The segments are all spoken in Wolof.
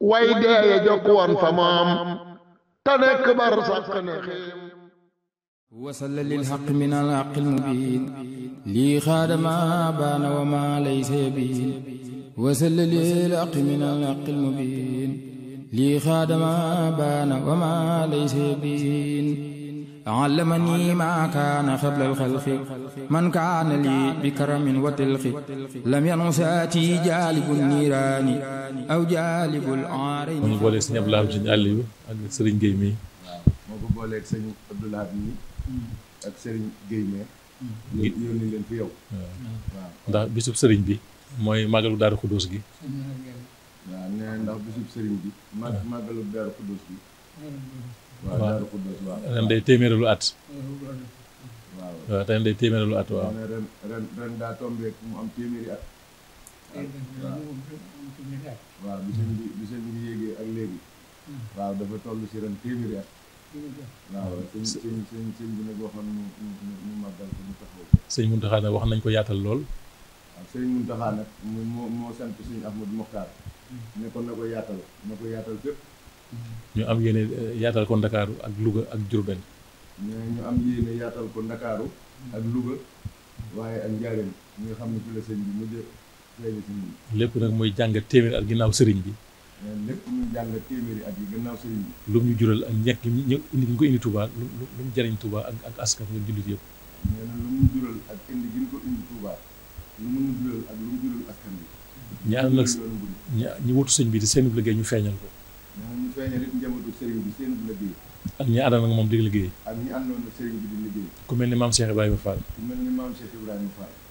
way dee ya تنكبر woon fa bar وصل للحق من الحق المبين لي خادم بان وما ليس يبين وصل للحق من الحق المبين لي خادم بان وما ليس يبين علمني ما كان قبل الخلق من كان لي بكرم وتلق لم ينصاتي جالب النيران او جالب العارين من بولي سيني عبد الله بن علي ان سيرين جيمي ما كو بولي سيني عبد الله بن اك سيرين جيمي يوني لين في يوم آه. دا بيسوب سيرين بي موي ماغلو دار خدوس جي آه، نان دا بيسوب سيرين بي ماغلو دار خدوس جي ren day téeméeralu at. waaw ren day téeméeralu at daa tombé mu am téeméeri at. waaw bi sëñ bi yéegee ak léegi. waaw dafa toll si ren téeméeri at. waaw bi nag waxoon mu mu mu mu màggal ko wax nañ ko yaatal lool. waaw sëñ Muntaxa nag moo moo sant sëñ Ahmadu Moxtaar. ne na ko yaatal na ko yaatal fépp. ñu am yéene eh, yaatal ko ndakaaru ak Louga ak Diourbel. ñu am yéene yaatal ko ndakaaru ak Louga waaye ak Njaaréem ñi nga xam ne fi sëñ bi mujj feeñe si nag mooy jàng téeméer ak ginnaaw sëriñ bi. Eh, lépp muy téeméeri at bi. lu mu ñu jural ak ñekk ñu indi ñu ko indi jëriñ Touba ak ak askan wi jullit yëpp. nee eh, lu mu jural ak indi gi ñu mu jural lu mu jural askan wi. ñu ànd sëñ bi di seen ñu feeñal ko. ñu feeñal it njabootu sëriñ bi seen liggéey ak ñi àndoon ak moom di liggéey ak ñi àndoon ak sëriñ bi di liggéey ku mel ni maam Cheikh Ibrahima Fall ku mel ni maam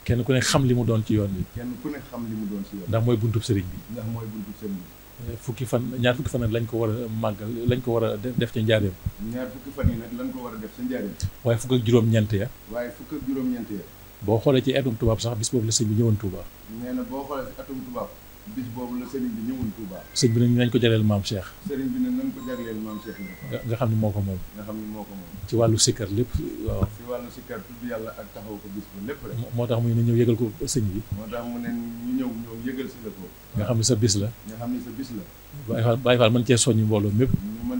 kenn ku ne xam li mu doon ci yoon bi kenn ku nekk xam li mu doon ci yoon ndax mooy buntub sëriñ bi ndax mooy buntub sëriñ bi eh, fukki fan ñaar fukki fan nag lañ ko war a màggal lañ ko war a def ca njaareem ñaar fukki fan yi nag lañ ko war a def ca njaareem waaye fukk ak juróom-ñeent ya waaye fukk ak juróom-ñeent ya boo xoolee ci atum tubaab sax bis boobu la sëñ ñëwoon Touba nee na boo xoolee ci bis boobu la sëriñ bi ñëwoon Touba. sëriñ bi nañ ko jagleel maam Cheikh. sëriñ bi nañ ko jagleel maam Cheikh Ibrahima. nga xam ne moo ko moom. nga xam ne moo ko moom. ci wàllu sikkar lépp waaw. ci wàllu sikkar tudd yàlla ak taxaw ko bis ba lépp rek. moo tax mu ne ñëw yëgal ko sëñ bi. moo tax mu ne ñu ñëw ñëw yëgal si la ko. nga xam ne sa bis la. nga xam ne sa bis la. Baye Fall Baye Fall mën cee soññi mbooloo mépp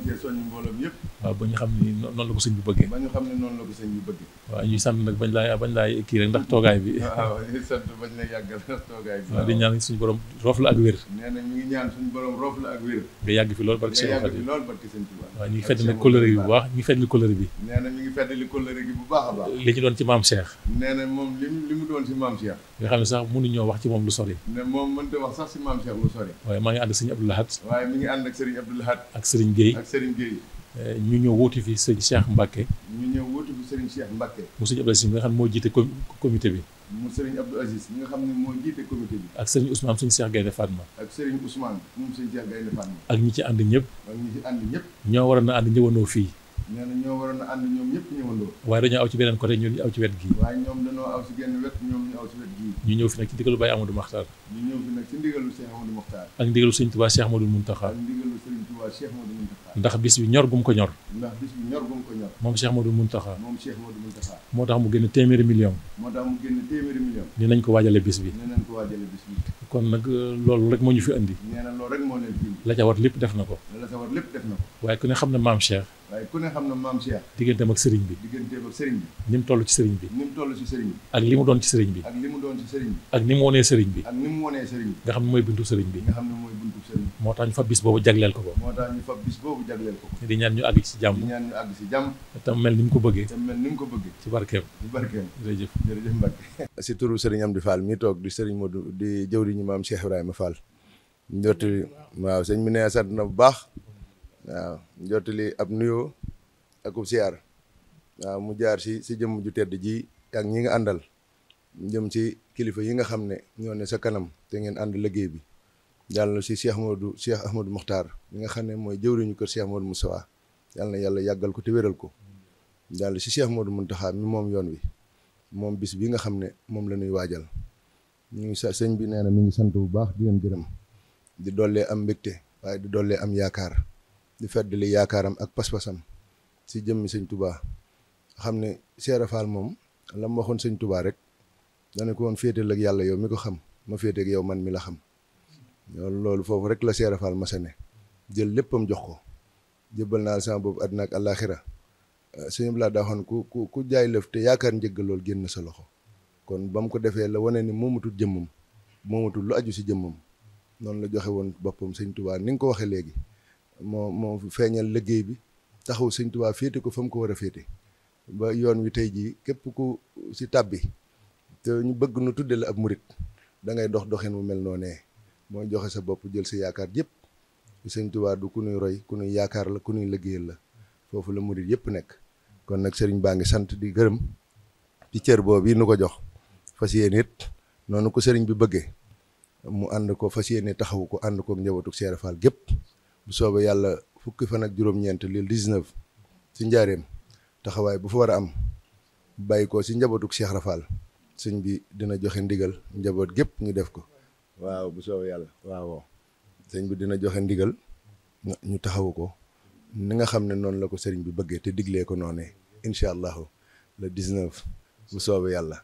cee soññi mbooloo yëpp waaw ba ñu xam ne noonu la ko sëñ bi bëggee ba ñu xam ne noonu la ko sëñ bi bëggee waaw ñuy sant nag bañ laay bañ laay ñu ngi fi lool barke sëñ Tuubaa waaw ñu ngi fedd nag kóllëre bi bu baax ñu ngi fedd li kóllëre bi nee na a baax li ñu doon ci maam Cheikh nee na moom li mu doon ci maam Cheikh nga xam ne sax mënuñoo wax ci moom lu sori moom mënta wax sax ci maam Cheikh lu sori waaye maa ngi ànd sëñ Abdou Lahad waaye mi ngi ànd ak Serigne Abdou Lahad ak sëriñ Gueye ak eh, ñu ñëw wóoti fi sëñ Cheikh Mbacke ñu ñëw wóoti fi Serigne Cheikh Mbacke mu sëñ Abdou xam moo jiite comité bi mu Serigne Abdou Aziz nga xam ne moo jiite comité bi ak Serigne Ousmane suñu Cheikh Gaynde Fatma ak Serigne Ousmane moom suñu Cheikh Gaynde Fatma ak ci ànd ñëpp ak ñi ci ànd ñëpp ñoo waroon na ànd ñëwandoo fii nee ñoo waroon na ànd ñoom ñëpp ñëwandoo waaye dañoo aw ci beneen côté ñun ñu aw ci wet gi waaye ñoom dañoo aw ci genn wet ñoom aw ci wet gii ñu ñëw fi nag ci ndigalu Baye Amadou Makhtar ñu ak ndigalu Serigne Touba Cheikh Amadou Mountakha ak ndax bis bi ñor gu ko ñor ndax bis bi ñor gum ko ñor moom Cheikh Amadou Mountakha moom Cheikh moo tax mu génn téeméeri million moo tax mu génn téeméeri million ni nañ ko waajale bis bi ni nañ ko waajale bis bi kon nag euh, loolu rek moo ñu fi andi nee moo leen indi la ca war lépp def na ko la ca war lépp na ko waaye ne xam ne maam Cheikh waaye ku ne xam na maam Cheikh. digganteem ak sëriñ bi. digganteem ak sëriñ bi. ni mu toll ci sëriñ bi. ni mu toll ci sëriñ bi. ak li mu doon ci sëriñ bi. ak li mu doon ci sëriñ bi. ak ni mu wonee sëriñ bi. ak ni mu wonee sëriñ bi. nga xam ne mooy buntu sëriñ bi. nga xam ne mooy buntu sëriñ bi. moo tax ñu fa bis boobu jagleel ko ko. moo tax ñu fa bis boobu jagleel ko ko. di ñaan ñu àgg ci jàmm. di ñaan ñu àgg ci jàmm. te mel ni mu ko bëggee. te mel ni mu ko bëggee. ci barkeem. ci barkeem jërëjëf jërëjëf Mbacke. si turu sëriñ Amdi Fall mi toog di sëriñ Modou di jëwriñu maam Cheikh Ibrahima Fall. njorti waaw sëñ bi nee sant na bu baax waaw nah, jottali ab nuyoo akub siyaar waaw nah, mu jaar si si jëm ju tedd ji ak ñi nga àndal jëm si kilifa yi nga xam ne ñoo ne sa kanam te ngeen ànd liggéey bi yàlla si Cheikh Modou Cheikh Ahmadou Mokhtar mi nga xam ne mooy jëwriñu kër Cheikh Modou Moustapha yàlla na yàlla yàggal ko te wéral ko yàlla si Cheikh Modou Mountakha mi moom yoon wi moom bis bi nga xam ne moom la ñuy waajal ñu ngi sa sëñ bi nee na mi ngi sant bu baax di leen gërëm di dollee am mbégte waaye di dollee am yaakaar di feddali yaakaaram ak pas-pasam si jëmmi sëñ tubaa xam ne Seera Faal moom la mu waxoon sëñ tubaa rek dana ko woon féetal ak yàlla yow mi ko xam ma féete ak yow man mi la xam loolu foofu rek la Seera Faal masane jël léppam jox ko jëbbal naa sama boobu àddina ak àllaaxira eh, sëñ bi laa daaxoon ku ku ku jaay lëf te yaakaar njëgg loolu génn sa loxo kon ba mu ko defee la wane ni moomatul jëmmam moomatul lu aju si jëmmam noonu la joxe woon boppam sëñ tubaa ni nga ko waxee léegi moo moo feeñal liggéey bi taxaw sëñ Tuubaa féete ko fa mu ko war a féete ba yoon wi tey jii képp ku si tàbbi te ñu bëgg nu tuddee la ab murit da ngay dox doxin wu mel noo nee mooy joxe sa bopp jël si yaakaar yëpp sëñ Tuubaa du ku nuy roy ku nuy yaakaar la ku nuy liggéeyal la foofu la murit yëpp nekk kon nag sëriñ baa ngi sant di gërëm ci cër boobu yi nu ko jox fas yéene it noonu ko sëriñ bi bëggee mu ànd ko fas yéene taxawu ko ànd ko njabootu Seere Faal gépp bu soobee yàlla fukki fan ak juróom-ñeent le 19 si njaareem taxawaay bu fa war a am bàyyi koo si njabootuk Cheikh Rafal sëñ bi dina joxe ndigal njaboot gépp ñu def ko waaw bu soobee yàlla waaw sëñ bi dina joxe ndigal ñu taxawu ko ni nga xam ne noonu la ko sëriñ bi bëggee te diglee ko noonee incha allahu le 19 bu soobee yàlla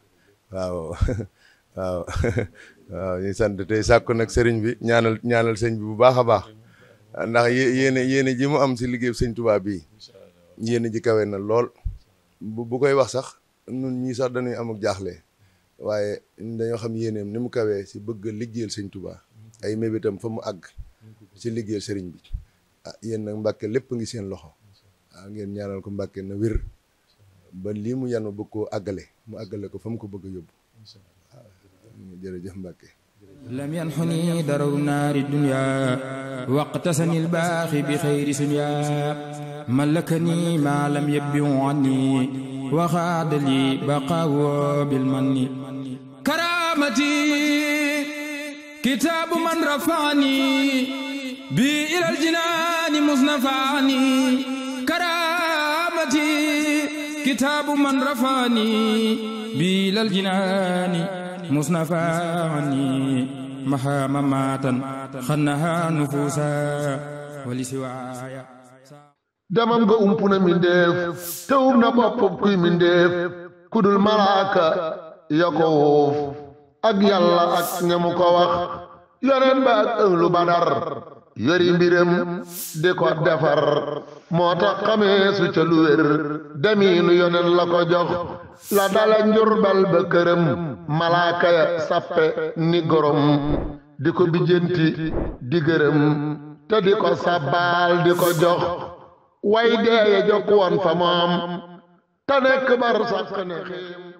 waaw waaw waaw sant tey sàkku nag sëriñ bi ñaanal ñaanal sëñ bi bu baax a baax ndax yéene yéene ji mu am si liggéey sëñ Tuubaa bii yéene ji kawe na lool bu koy wax sax nun ñii sax dañuy am jaaxle waaye dañoo xam yéeneem ni mu kawee si bëgg liggéeyal sëñ Tuubaa mm-hmm. ay mébétam fa mu àgg si mm-hmm. liggéeyal sëriñ bi ah yéen nag Mbàkke lépp ngi seen loxo ah ngeen ñaanal ko Mbàkke na wér ba lii mu yanu bëgg koo àggale mu àggale ko fa mu ko bëgg a yóbbu waaw ah, jërëjëf Mbàkke لم ينحني درر نار الدنيا واقتسني الباخي بخير سنيا ملكني ما لم يبع عني وخاد لي بقاو بالمن كرامتي كتاب من رفعني بي إلى الجنان مصنفاني كرامتي kitaabu man rafaani bilal jinaani musnafaani maxaama maatan xannaha nufuusa wali siwaaya demam nga umpuna mindeef te um na boppam kuy mindeef kudul malaaka ya ko wuuf ak yàlla ak ñemu ko wax yoneen ba ak ënglu badar yori mbiram di ko defar moo tax xamee su ca lu wér demiinu yonen la ko jox la dala njurbal ba këram malaaka sappe ni gorom di ko bijjanti di gërëm te di ko sabbaal di ko jox way deeye jokk woon fa moom te nekk bar sàkk ne